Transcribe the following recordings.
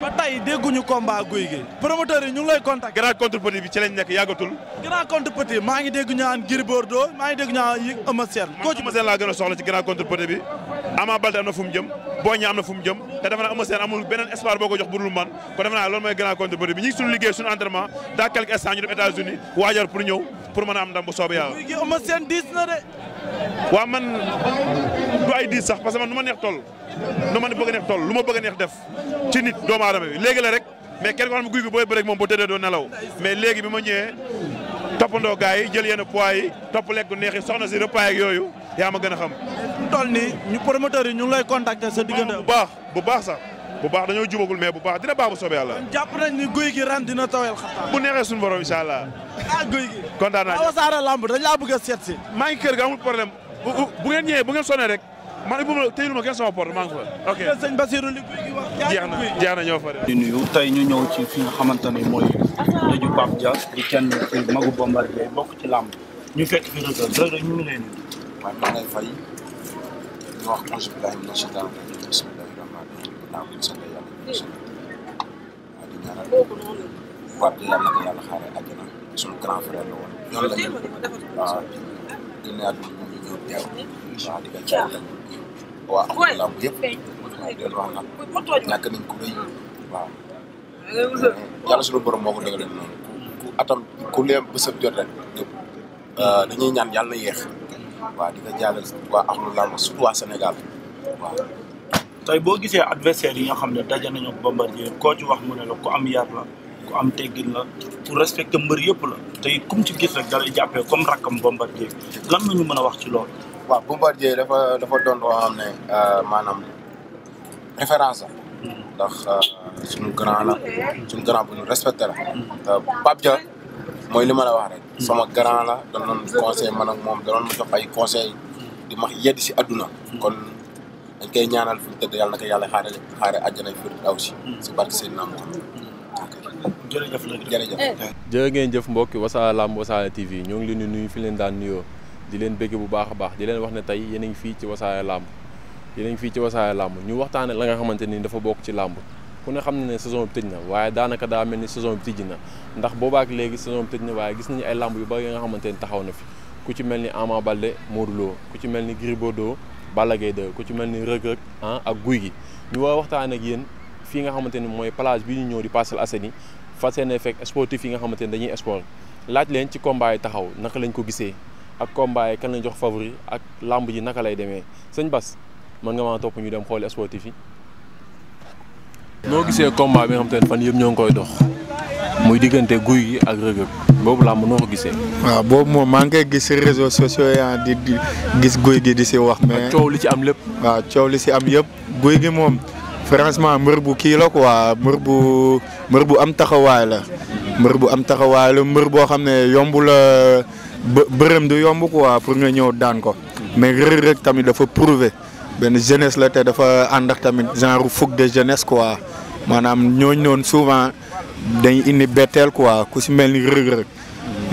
ba tey dégguñu combat guy gi promoteur yi ñu ngi lay contact grand contre bi ci lañ nekk yàggatul grand contre maa ngi dégg ñaan Gris Bordeaux maa ngi dégg ñaan yi koo ci Eumeu laa gën a soxla ci grand contre bi Ama Baldé am na jëm Boy Niang am jëm te dafa naa Eumeu amul beneen espoir boo ko jox bu man kon dafa naa loolu mooy grand contre bi ñu suñu liggéey suñu entraînement dans quelques instants ñu dem états a am ndam bu soobee yàlla guy gi Eumeu Sène diis na man du ay sax parce que man nu ma neex nu ma bëgg a neex toll lu ma bëgg a neex def ci nit doomu aadama bi rek mais kenn ko xam guy gi booy bëreeg moom boo tëddee doo nelaw mais léegi bi ma ñëwee toppandoo gars yi jël yenn poids topp lekk neex yi soxna si repas ak yooyu yaa ma gën a xam. toll ñu promoteurs yi ñu ngi lay contacter sa diggante bu baax bu baax sax bu baax dañoo jubagul mais bu baax dina baax bu soobee yàlla. jàpp nañ ni guy gi ren dina tawel xataa. bu neexee suñu borom incha ah, dañ laa bëgg seet si. maa ngi kër bu ngeen ñëwee bu ngeen sonné rek man bu ma teyul ma kenn sama porte maa ngi ok jeex na ñoo fa di nuyu tey ñu ñëw ci fi nga xamante ne mooy daju Pape Dia di kenn ci magu Bombardier bokk ci làmb ñu fekk fi Reug ñu ngi lay nuyu. waaw maa lay fay ñu wax auzu billaahi mina shaytaani grand frère la woon. génn àdduna moom ñu ñëw teew na yëpp waaw déedéet wax na ñàkk nañ ko rëy waaw. yàlla borom moo ko dégaloon noonu ku atam ku leem bésab jot rek euh, dañuy ñaan yàlla na yéex waaw di nga jàllale waa axlu làmb surtout Sénégal waaw. tey boo gisee adversaire yi nga xam ne daje nañu Bombardier koo ci wax mu ne la ko am yar la. ku am teggin la ku respecté mbër yëpp la te it comme ci gis rek da lay jàppee comme rakkam bombardier lan la ñu mën a wax ci loolu. waaw bombardier dafa dafa doon loo xam ne euh, maanaam référence la. Hmm. ndax euh, suñu grand la suñu grand bu ñu respecté la. Hmm. Euh, Pape mooy li ma la wax rek. sama grand la danoon conseil man ak moom danoon ma jox ay conseil di max yedd si adduna. Hmm. kon dañ koy ñaanal fu ñu tëdd yàlla na ko yàlla xaare xaare àjjana fi daw si. si barke seen naam ko. jërëjëf jërëjëf eh. jërë ngeen jëf mbokki Wassare Lamb Wassare TV ñoo ngi leen di nuyu fi leen daan nuyoo di leen bëgg bu baax a baax di leen wax ne tey yéen a ngi fii ci Wassare Lamb yéen fii ci Wassare Lamb ñu waxtaane la nga xamante ni dafa bokk ci làmb ku ne xam ne saison bi na waaye daanaka daa mel ni saison bi tijji na ndax boobaak léegi saison bi tëj na gis nañu ay làmb yu bari xamante ni taxaw na fi ku ci mel ni Ama Baldé Modou ku ci mel ni Gris Bordeaux Balla ku ci mel ni Reug ah ak Gouye Gui ñu war waxtaan ak yéen fii nga xamante ni mooy plage bi ñu ñëw di Parcelles Assainies fa yéene fekk sportif yi nga xamante ne dañuy sport laaj leen ci combat yi taxaw naka lañ ko gisee ak combat yi kan lañ jox favori ak làmb ji naka lay demee sëñ Bas mën nga maa topp ñu dem xool sportif yi. noo gisee combat bi nga xamante fan yëpp ñoo ngi koy dox muy diggante guy gi ak Reug boobu làmb noo ko gisee. waaw boobu moom maa ngay koy gis réseaux sociaux yi ah, di gis guy gi di si wax. mais coow li ci am lépp. waaw coow li si am yëpp guy gi moom. franchement mbër bu kii la quoi mbër bu mbër bu am taxawaay la mbër bu am taxawaay la mbër boo xam ne yomb la bërëm du yomb quoi pour nga ñëw daan ko mais Reug Reug tamit dafa prouver benn jeunesse la te dafa ànd ak tamit genre fougue de jeunesse quoi maanaam ñooñu noonu souvent dañuy indi betteel quoi ku si mel ni Reug Reug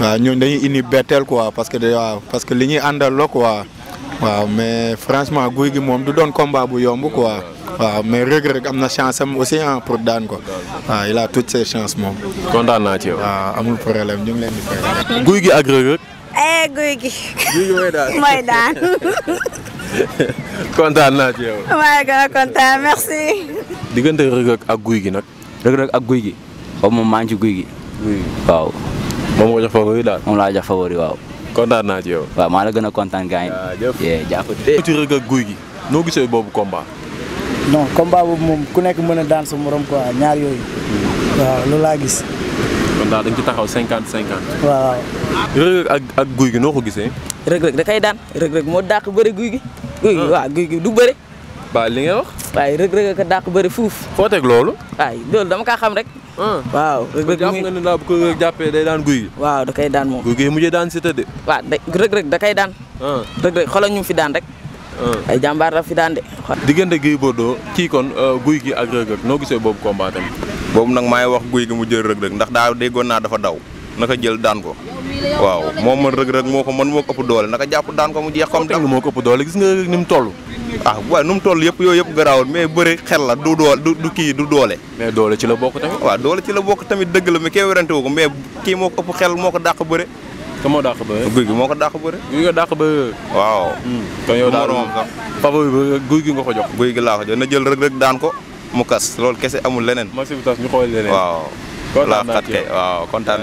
waaw ñooñu dañuy indi betteel quoi parce que waaw parce que li ñuy àndal la quoi waaw mais franchement guy gi moom du doon combat bu yomb quoi. waaw mais Reug Reug am na chance am aussi ah pour daan ko waaw il toutes ses chances moom. kontaan naat ci yow. waaw amul problème ñu guy gi ak Reug Reug. eh guy gi. guy daan mooy daan. kontaan maa ngi gën a kontaan merci. diggante ak guy gi nag. Reug Reug ak guy gi. xaw ma ci guy gi. waaw. moom moo jox daal. moom laa jox favori waaw. maa la gën a kontaan gars yi. jërëjëf jàpp te. guy gi noo gisee boobu combat. non combat boobu moom ku nekk mën a daan sa morom quoi ñaar yooyu. Hmm. waaw loolu laa gis. kon daal dañ ci taxaw cinquante cinquante. waaw. rëg-rëg ak guy gi noo ko gisee. da kay daan moo dàq bëri guy gi. guy gi ah. waaw guy gi du bëri. waaw li nga wax. waaye rëg-rëg ak dàq bëri fuuf. foo loolu. waay loolu dama kaa xam rek. Ah. waaw rëg-rëg jàpp laa bu ko jàppee day daan guy gi. waaw da kay daan moom. guy gi mujjee daan si tëdd. waaw da rëg-rëg da kay daan. Ah. rëg-rëg xoolal ñu fi daan rek. Euh. ay jàmbaar la fi daan de. diggante Gris Bordeaux kii kon euh, guy gi ak Reug noo gisee boobu combat tamit. boobu nag maay wax guy gi mu jël Reug Reug ndax daa déggoon naa dafa daw naka jël daan ko waaw moom man Reug Reug moo ko man moo ko ëpp doole naka jàpp daan ko mu jeex comme. moo ko ëpp doole gis nga ni mu toll. ah waaw nu mu toll yëpp yooyu yëpp garaawul mais bëri xel la du doole du kii du doole. mais doole ci la bokk tamit. waaw doole ci la bokk tamit dëgg la mais kenn werante wu ko mais kii moo ko xel moo ko dàq bëre ka moo dàq guy gi moo ko dàq bëre. guy nga dàq bëre. waaw. Hmm. kon yow daal guy gi nga ko jox. guy gi laa ko na jël rek rek daan ko mu kas loolu kese amul leneen. ma si ñu xool leneen. waaw. kontaan naa kay waaw kontaan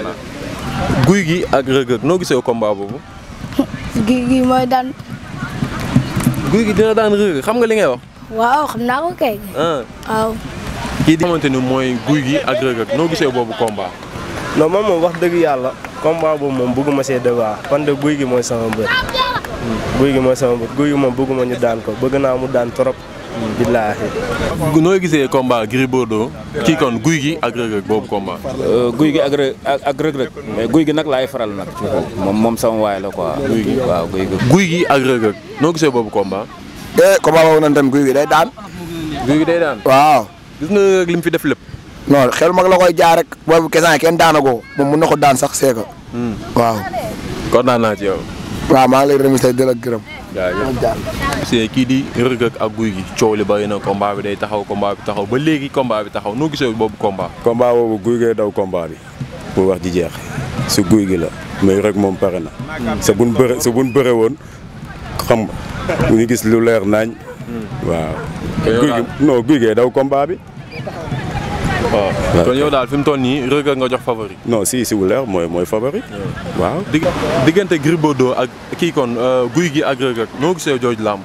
guy gi ak Reug noo gisee combat boobu. guy gi mooy gi dina daan Reug xam nga li ngay wax. waaw xam naa ko kay. Ah. waaw. ni mooy guy gi ak noo gisee boobu combat. dëgg yàlla. combat boobu moom bëgguma see débat man de guy gi mooy sama mbër. Hmm. guy gi mooy sama mbër guy gi moom bëgguma ñu daan ko bëgg naa mu daan trop. Hmm. billaahi. noo gisee combat Gris Bordeaux kii kon guy gi ak rëg boobu combat. Euh, guy gi ak ak rëg-rëg mais guy gi nag ay faral nag. moom moom sama waay la quoi. guy gi guy gi. guy gi ak rëg noo gisee boobu komba eh, combat boobu noonu tamit guy gi day daan. guy gi day daan waaw. gis nga li mu fi def lépp. non xel mag la koy jaar rek booy bu kesaan kenn daanagoo moom mun na ko daan sax seeka hmm. waaw. kontaan naa ci yow. waaw maa ngi lay remercier di la gërëm. jaajëf c'est kii di Reug ak guy gi coow li bari na combat bi day taxaw combat bi taxaw ba léegi combat bi taxaw noo gisee boobu combat. combat boobu daw combat bi wax ji jeex si guy gi la mais rek moom pare na. sa buñ bëre sa buñ bëre woon xam nga ñu gis lu leer nañ. Hmm. waaw. Gouye Gui non daw combat bi. waaw kon yow daal fi mu toll nii Reug Reug nga jox favori. non si si wu leer mooy mooy favori. waaw diggante Gris Bordeaux ak kii kon euh, guy gi ak Reug Reug noo gisee jooju làmb.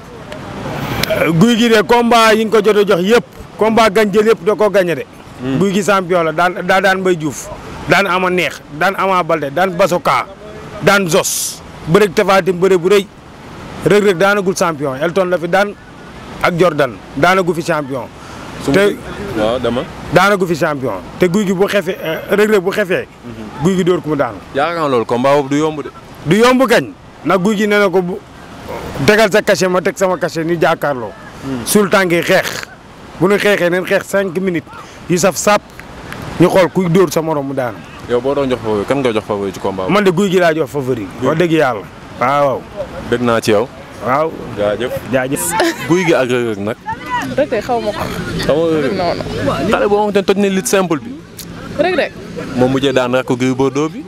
guy gi de combat yi nga ko jot jox yëpp. combat gañ yëpp da koo gañe de. Hmm. guy gi champion la daan daa daan Mbaye Diouf daan ama neex daan ama balde daan basoka daan zos bëreeg tafaatim bëre bu rëy Reug Reug daanagul champion Elton la fi daan ak Jordan daanagu fi champion. te waaw daana daanagu fi champion te guy gi bu xefe eh, Reug bu xefee. Mhm. guy gi dóor ku mu daanu. yaakaar naa loolu combat du yomb de. du yomb kañ ndax guy gi nee na ko bu tegal sa cachet ma teg sama cachet ni jàkkaarloo. Hmm. suul tànk yi xeex bu ñu xeexee neen xeex cinq minutes yu saf sap ñu xool kuy dóor sa morom mu daanu. yow boo doon jox favori kan nga jox favori ci combat man de guy gi laa jox favori. wax dëgg yàlla waaw. dégg naa ci yow. waaw jaajëf jaajëf. guy gi ak Reug Reug Reug Reug xaw ma ko. xaw ma xale boo xamante ne toj na lutte simple bi. Reug Reug. moo mujjee daan rek Gris Bordeaux bi.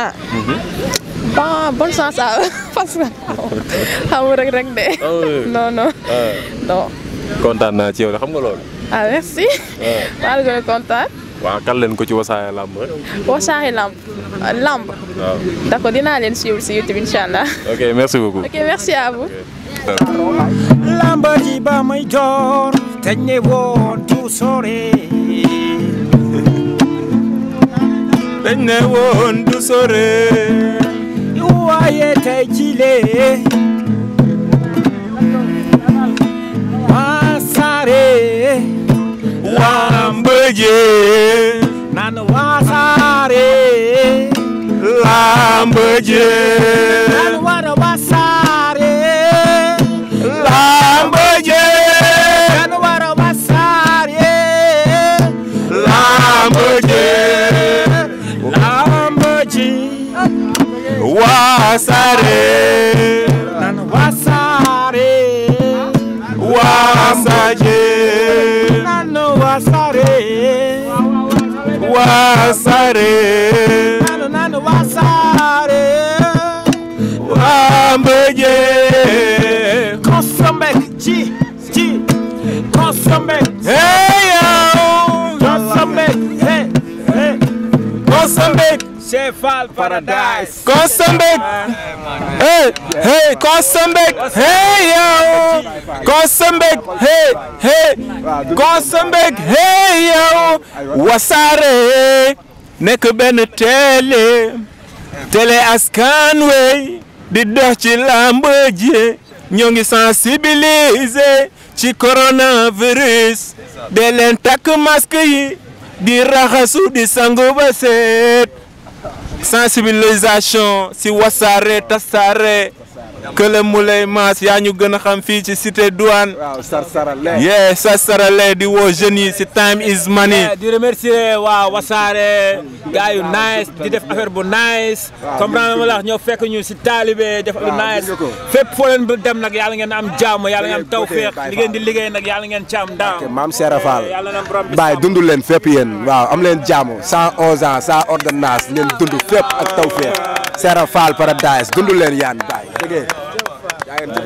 ah. Mhm. bon chance à parce que xaw ma Reug Reug de. Ah ah. non kontaan naa ci yow xam nga loolu. ah merci. Ah. maa ngi gën a kontaan. waaw kan leen ko ci wasaare lamb rek. wasaare lamb lamb. waaw dinaa leen suivre YouTube incha allah. ok merci beaucoup. ok merci à lamba ba may door teñ ne woon du sore teñ ne woon du sore waaye tey jile waa saare lamba ji naan waa wasaare nan wasaare wasaje nan wasaare wasaare nan wasaare wambeje kosombek ji ji kosombek hey yo kosombek hey hey kosombek Fall Paradise. Kosta Mbek. hey hey Kosta Mbek. hey yow. Kosta Mbek. hey hey Kosta Mbek. benn télé. télé askan wey di dox ci làmb ji ñoo ngi ci coronavirus. de leen takk yi di raxasu di sangu ba sensibilisation si wasaare tasaare kële Moulay Mass yaa ñu gën a xam fii ci cité douane. waaw Sarsarale. yee Sarsarale di woo jeunes yi si time is money. di remercier waa wasaare gars nice di def affaire bu nice. comprendre ma la ñoo fekk ñu si taalibe def lu nice. fépp foo leen dem nag yàlla ngeen am jaamu yàlla ngeen am tawféex li ngeen di liggéey nag yàlla ngeen ci am ok maam Serap Fall bàyyi leen fépp yéen waaw am leen jàmm 111 ans sans ordonnance leen dund fépp ak tawféex. Serap Fall Paradise dundu leen yaa mi bàyyi dégg ngeen